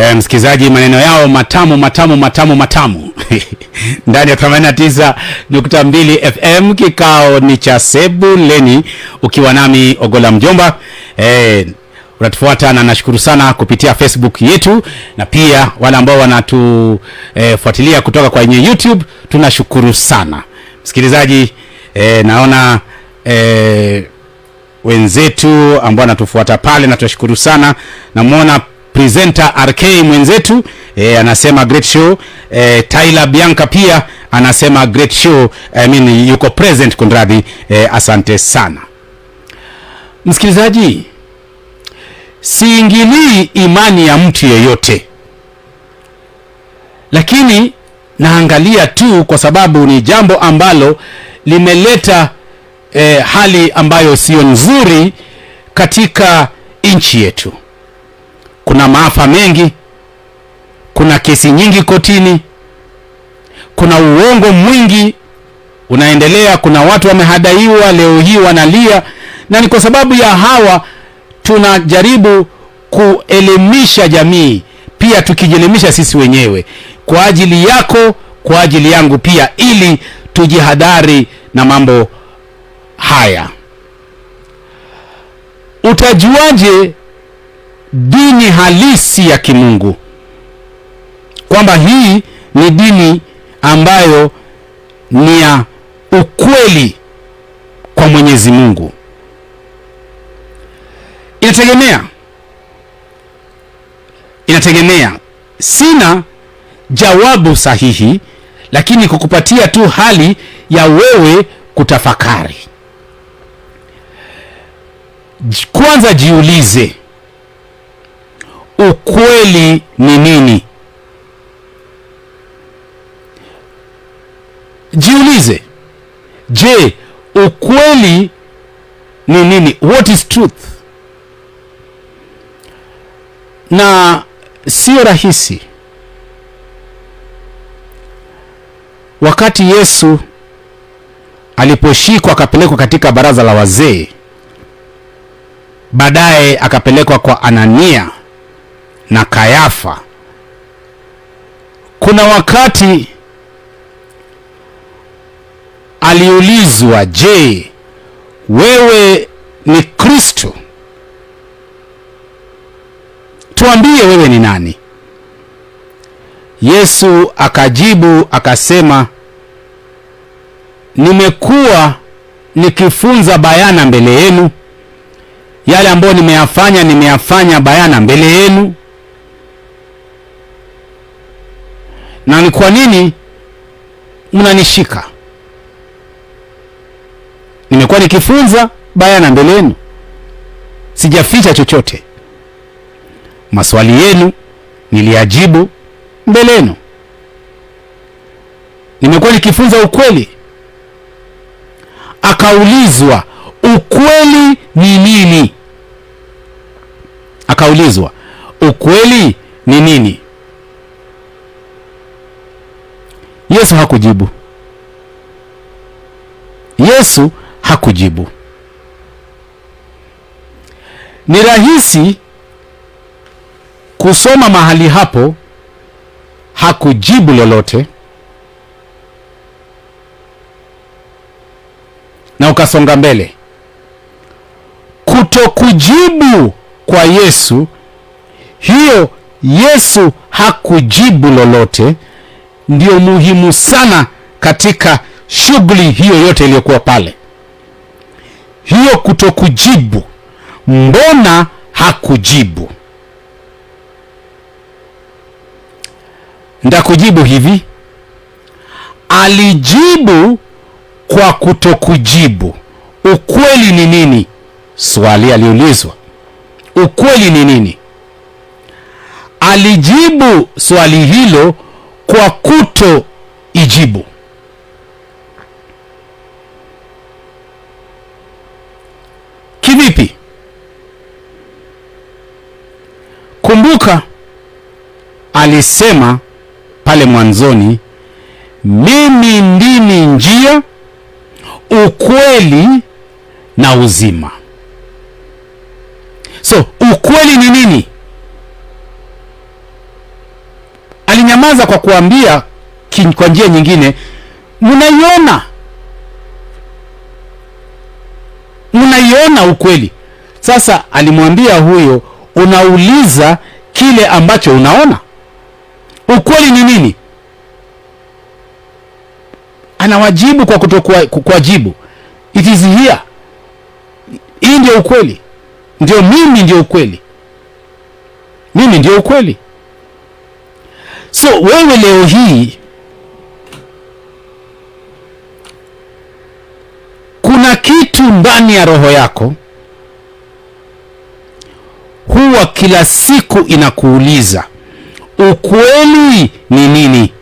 E, msikilizaji, maneno yao matamu matamu matamu matamu ndani ya 89.2 FM. Kikao ni cha Sebuleni, ukiwa nami Ogola Mjomba. E, unatufuata na nashukuru sana kupitia Facebook yetu na pia wale ambao wanatufuatilia eh, e, kutoka kwenye YouTube tunashukuru sana msikilizaji. E, naona e, wenzetu ambao wanatufuata pale na tunashukuru sana, namwona presenter RK mwenzetu e, anasema great show e, Tyler Bianca pia anasema great show I mean, yuko present kunradhi. E, asante sana msikilizaji. Siingilii imani ya mtu yeyote, lakini naangalia tu kwa sababu ni jambo ambalo limeleta e, hali ambayo siyo nzuri katika nchi yetu kuna maafa mengi, kuna kesi nyingi kotini, kuna uongo mwingi unaendelea. Kuna watu wamehadaiwa, leo hii wanalia, na ni kwa sababu ya hawa. Tunajaribu kuelimisha jamii, pia tukijielimisha sisi wenyewe, kwa ajili yako, kwa ajili yangu pia, ili tujihadhari na mambo haya. Utajuaje dini halisi ya kimungu, kwamba hii ni dini ambayo ni ya ukweli kwa Mwenyezi Mungu. Inategemea, inategemea. Sina jawabu sahihi, lakini kukupatia tu hali ya wewe kutafakari. Kwanza jiulize ukweli ni nini? Jiulize, je, ukweli ni nini? What is truth? Na sio rahisi. Wakati Yesu aliposhikwa akapelekwa katika baraza la wazee, baadaye akapelekwa kwa Anania na Kayafa. Kuna wakati aliulizwa, je, wewe ni Kristo? Tuambie wewe ni nani? Yesu akajibu akasema, nimekuwa nikifunza bayana mbele yenu, yale ambayo nimeyafanya nimeyafanya bayana mbele yenu, na ni kwa nini mnanishika? Nimekuwa nikifunza bayana mbele yenu, sijaficha chochote. Maswali yenu niliyajibu mbele yenu. Nimekuwa nikifunza ukweli. Akaulizwa ukweli ni nini? Akaulizwa ukweli ni nini? Yesu hakujibu. Yesu hakujibu. Ni rahisi kusoma mahali hapo, hakujibu lolote, na ukasonga mbele. Kutokujibu kwa Yesu, hiyo Yesu hakujibu lolote ndio muhimu sana katika shughuli hiyo yote iliyokuwa pale. Hiyo kutokujibu, mbona hakujibu? Ndakujibu hivi, alijibu kwa kutokujibu. Ukweli ni nini? Swali aliulizwa, ukweli ni nini? Alijibu swali hilo kwa kuto ijibu. Kivipi? Kumbuka alisema pale mwanzoni, mimi ndini njia, ukweli na uzima. So ukweli ni nini? nyamaza kwa kuambia kwa njia nyingine, mnaiona mnaiona ukweli. Sasa alimwambia huyo, unauliza kile ambacho unaona, ukweli ni nini? Anawajibu kwa kutokuajibu It is here, hii ndio ukweli, ndio mimi ndio ukweli, mimi ndio ukweli. So wewe leo hii kuna kitu ndani ya roho yako huwa kila siku inakuuliza ukweli ni nini,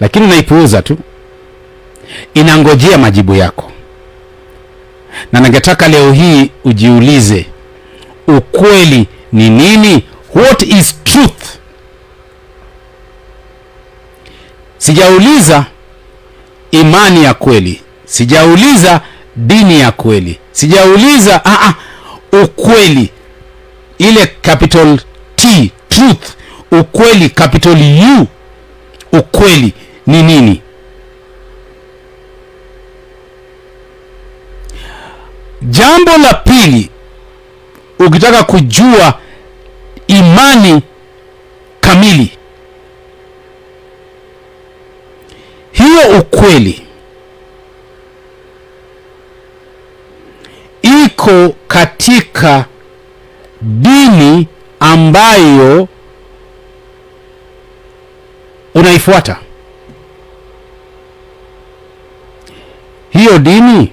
lakini unaipuuza tu, inangojea majibu yako. Na ningetaka leo hii ujiulize ukweli ni nini? What is truth? Sijauliza imani ya kweli, sijauliza dini ya kweli, sijauliza a ah, ah, ukweli, ile capital T truth, ukweli capital U, ukweli ni nini? Jambo la pili, ukitaka kujua imani kamili hiyo ukweli iko katika dini ambayo unaifuata. Hiyo dini,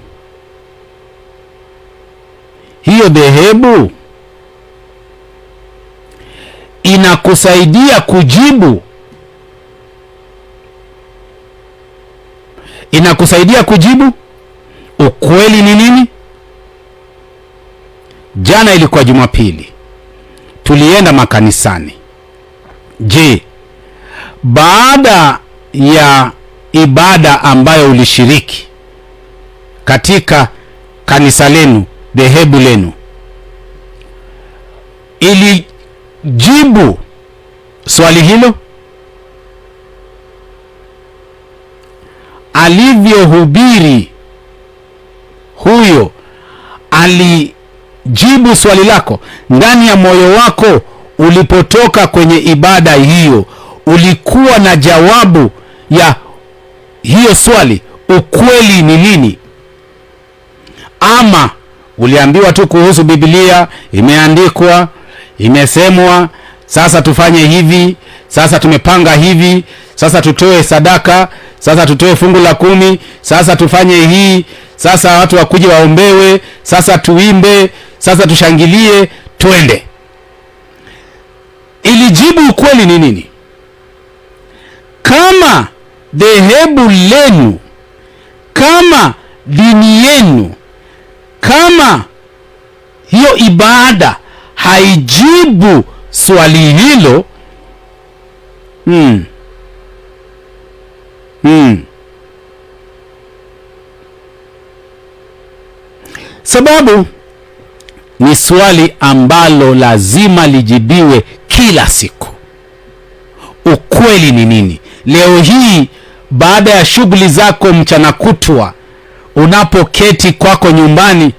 hiyo dhehebu inakusaidia kujibu inakusaidia kujibu ukweli ni nini. Jana ilikuwa Jumapili, tulienda makanisani. Je, baada ya ibada ambayo ulishiriki katika kanisa lenu, dhehebu lenu, ilijibu swali hilo? alivyohubiri huyo alijibu swali lako ndani ya moyo wako ulipotoka kwenye ibada hiyo ulikuwa na jawabu ya hiyo swali ukweli ni nini ama uliambiwa tu kuhusu biblia imeandikwa imesemwa sasa tufanye hivi sasa tumepanga hivi sasa tutoe sadaka sasa tutoe fungu la kumi, sasa tufanye hii, sasa watu wakuje waombewe, sasa tuimbe, sasa tushangilie, twende. Ilijibu ukweli ni nini? Kama dhehebu lenu, kama dini yenu, kama hiyo ibada haijibu swali hilo, hmm. Hmm. Sababu ni swali ambalo lazima lijibiwe kila siku. Ukweli ni nini? Leo hii baada ya shughuli zako mchana kutwa, unapoketi kwako nyumbani,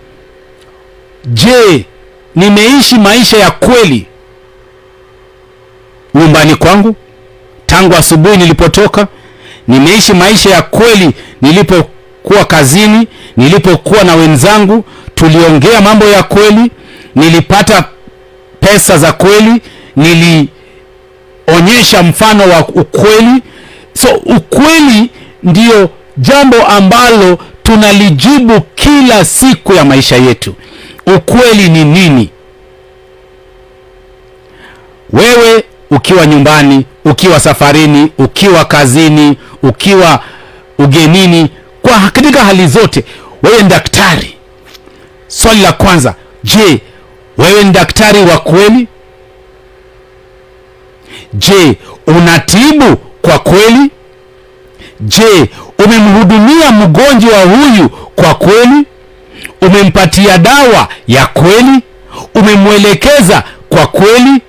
je, nimeishi maisha ya kweli nyumbani kwangu tangu asubuhi nilipotoka nimeishi maisha ya kweli nilipokuwa kazini, nilipokuwa na wenzangu, tuliongea mambo ya kweli, nilipata pesa za kweli, nilionyesha mfano wa ukweli. So ukweli ndio jambo ambalo tunalijibu kila siku ya maisha yetu. Ukweli ni nini? Wewe ukiwa nyumbani, ukiwa safarini, ukiwa kazini, ukiwa ugenini, kwa katika hali zote wewe ni daktari. Swali la kwanza, je, wewe ni daktari wa kweli? Je, unatibu kwa kweli? Je, umemhudumia mgonjwa huyu kwa kweli? Umempatia dawa ya kweli? Umemwelekeza kwa kweli?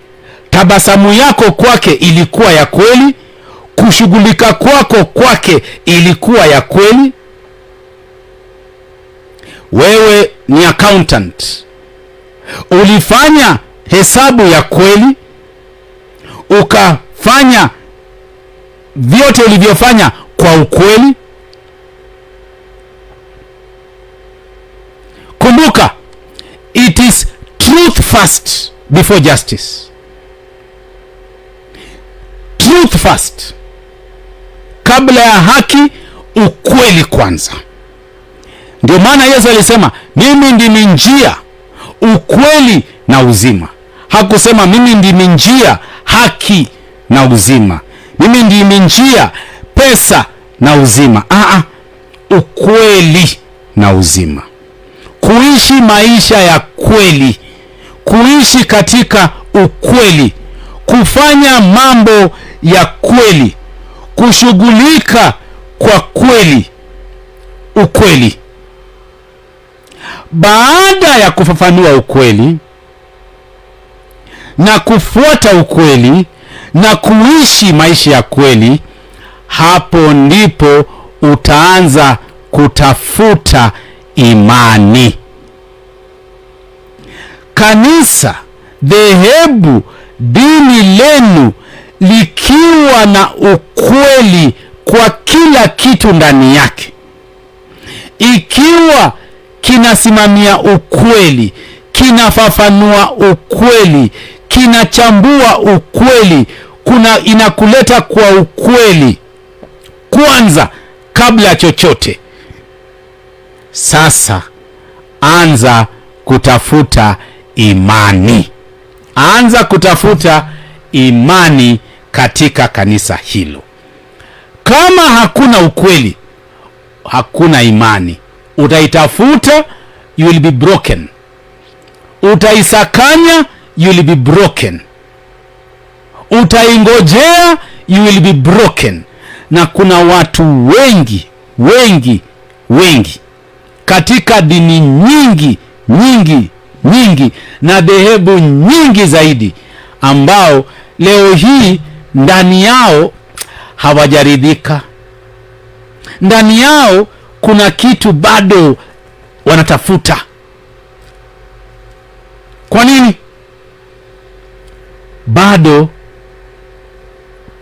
tabasamu yako kwake ilikuwa ya kweli, kushughulika kwako kwake ilikuwa ya kweli. Wewe ni accountant, ulifanya hesabu ya kweli, ukafanya vyote ulivyofanya kwa ukweli. Kumbuka, it is truth first before justice truth first, kabla ya haki, ukweli kwanza. Ndio maana Yesu alisema mimi ndimi njia, ukweli na uzima. Hakusema mimi ndimi njia, haki na uzima, mimi ndimi njia, pesa na uzima. Aa, ukweli na uzima, kuishi maisha ya kweli, kuishi katika ukweli, kufanya mambo ya kweli, kushughulika kwa kweli, ukweli. Baada ya kufafanua ukweli na kufuata ukweli na kuishi maisha ya kweli, hapo ndipo utaanza kutafuta imani. Kanisa, dhehebu, dini lenu likiwa na ukweli kwa kila kitu ndani yake, ikiwa kinasimamia ukweli, kinafafanua ukweli, kinachambua ukweli, kuna inakuleta kwa ukweli kwanza kabla chochote. Sasa anza kutafuta imani, anza kutafuta imani katika kanisa hilo. Kama hakuna ukweli, hakuna imani. Utaitafuta, you will be broken. Utaisakanya, you will be broken. Utaingojea, you will be broken. Na kuna watu wengi wengi wengi katika dini nyingi nyingi nyingi na dhehebu nyingi zaidi ambao leo hii ndani yao hawajaridhika, ndani yao kuna kitu bado wanatafuta. Kwa nini? Bado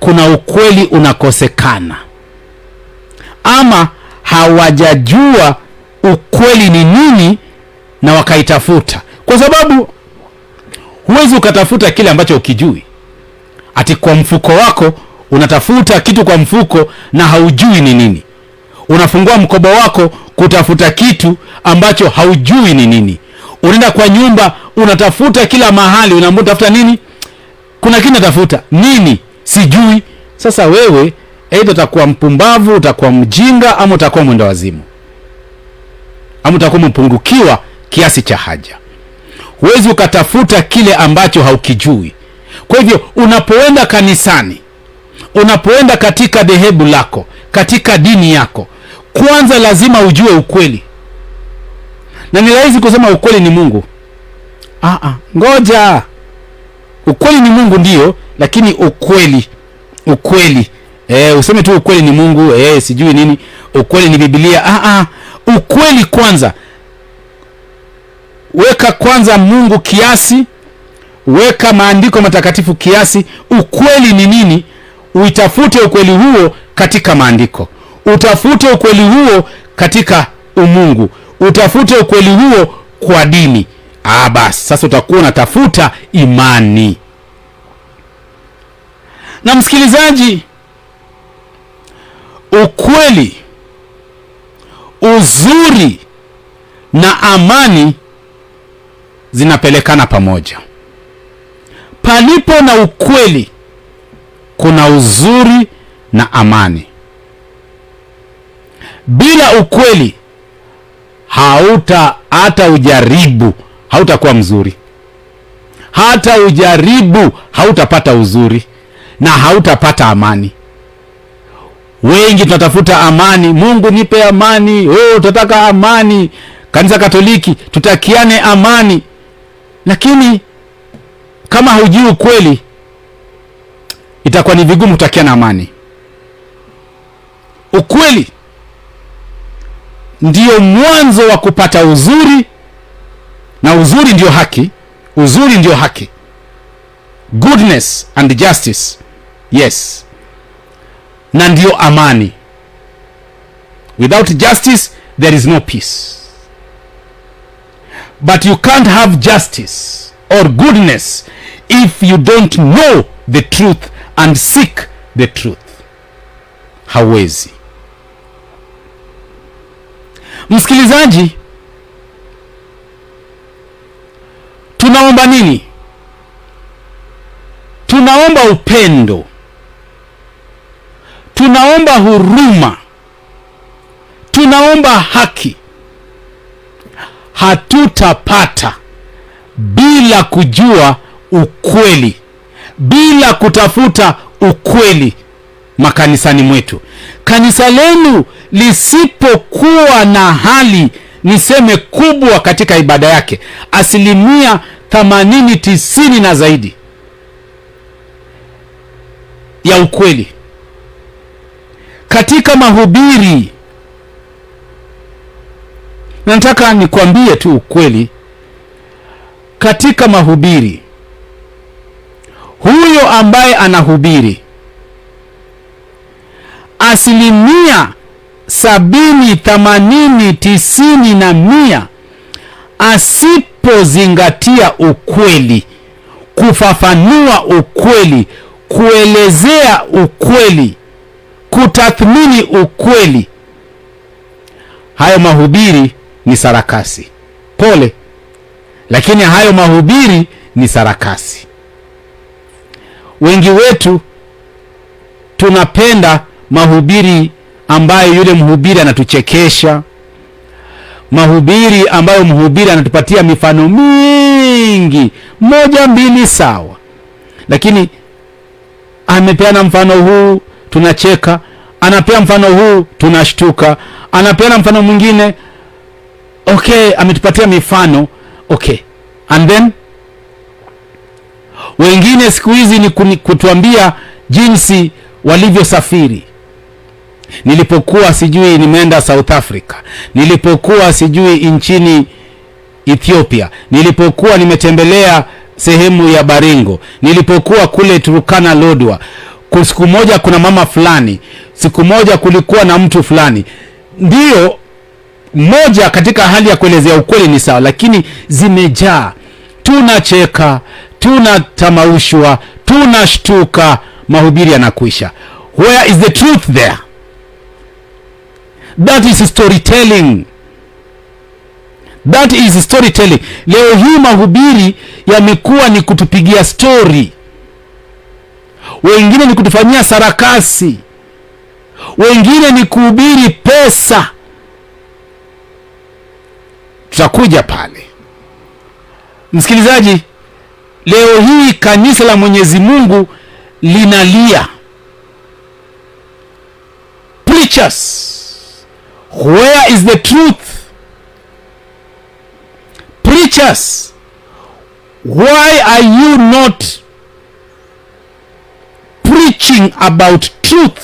kuna ukweli unakosekana, ama hawajajua ukweli ni nini na wakaitafuta, kwa sababu huwezi ukatafuta kile ambacho ukijui ati kwa mfuko wako unatafuta kitu kwa mfuko na haujui ni nini. Unafungua mkoba wako kutafuta kitu ambacho haujui ni nini. Unaenda kwa nyumba unatafuta kila mahali, unaambiwa tafuta nini? Kuna kitu natafuta nini? Sijui. Sasa wewe aidha utakuwa mpumbavu, utakuwa mjinga, ama utakuwa mwenda wazimu, ama utakuwa mpungukiwa kiasi cha haja. Huwezi ukatafuta kile ambacho haukijui. Kwa hivyo unapoenda kanisani, unapoenda katika dhehebu lako, katika dini yako, kwanza lazima ujue ukweli, na ni rahisi kusema ukweli ni Mungu. Aa, ngoja, ukweli ni Mungu ndiyo, lakini ukweli ukweli e, useme tu ukweli ni Mungu e, sijui nini, ukweli ni Biblia. Aa, ukweli kwanza, weka kwanza Mungu kiasi weka maandiko matakatifu kiasi. Ukweli ni nini? Uitafute ukweli huo katika maandiko, utafute ukweli huo katika umungu, utafute ukweli huo kwa dini. Ah, basi sasa utakuwa unatafuta imani. Na msikilizaji, ukweli, uzuri na amani zinapelekana pamoja. Palipo na ukweli kuna uzuri na amani. Bila ukweli hauta hata ujaribu hautakuwa mzuri, hata ujaribu hautapata uzuri na hautapata amani. Wengi tunatafuta amani, Mungu nipe amani, oh, tunataka amani, kanisa Katoliki tutakiane amani, lakini kama hujui ukweli, itakuwa ni vigumu kutakia na amani. Ukweli ndio mwanzo wa kupata uzuri, na uzuri ndio haki. Uzuri ndio haki, goodness and justice, yes, na ndio amani. Without justice there is no peace, but you can't have justice or goodness if you don't know the truth and seek the truth. Hawezi. Msikilizaji, tunaomba nini? Tunaomba upendo, tunaomba huruma, tunaomba haki. Hatutapata bila kujua ukweli, bila kutafuta ukweli makanisani mwetu. Kanisa lenu lisipokuwa na hali niseme kubwa katika ibada yake, asilimia 80 90 na zaidi ya ukweli katika mahubiri, nataka nikwambie tu ukweli katika mahubiri huyo ambaye anahubiri asilimia sabini, themanini, tisini na mia asipozingatia ukweli, kufafanua ukweli, kuelezea ukweli, kutathmini ukweli, hayo mahubiri ni sarakasi. Pole, lakini hayo mahubiri ni sarakasi wengi wetu tunapenda mahubiri ambayo yule mhubiri anatuchekesha, mahubiri ambayo mhubiri anatupatia mifano mingi, moja mbili, sawa, lakini amepeana mfano huu tunacheka, anapea mfano huu tunashtuka, anapeana mfano mwingine okay, ametupatia mifano okay, and then wengine siku hizi ni kutuambia jinsi walivyosafiri. Nilipokuwa sijui nimeenda South Africa, nilipokuwa sijui nchini Ethiopia, nilipokuwa nimetembelea sehemu ya Baringo, nilipokuwa kule Turukana Lodwa, siku moja kuna mama fulani, siku moja kulikuwa na mtu fulani. Ndiyo moja katika hali ya kuelezea ukweli ni sawa, lakini zimejaa tunacheka tunatamaushwa, tunashtuka, mahubiri yanakwisha. Where is the truth there? That is storytelling. That is storytelling. Leo hii mahubiri yamekuwa ni kutupigia stori, wengine ni kutufanyia sarakasi, wengine ni kuhubiri pesa. Tutakuja pale, msikilizaji. Leo hii kanisa la Mwenyezi Mungu linalia. Preachers, where is the truth? Preachers, why are you not preaching about truth?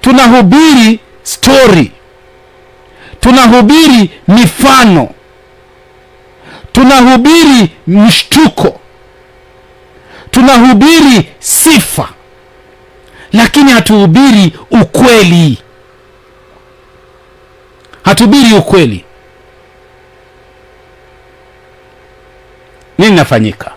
Tunahubiri story, tunahubiri mifano tunahubiri mshtuko, tunahubiri sifa, lakini hatuhubiri ukweli, hatuhubiri ukweli. Nini inafanyika?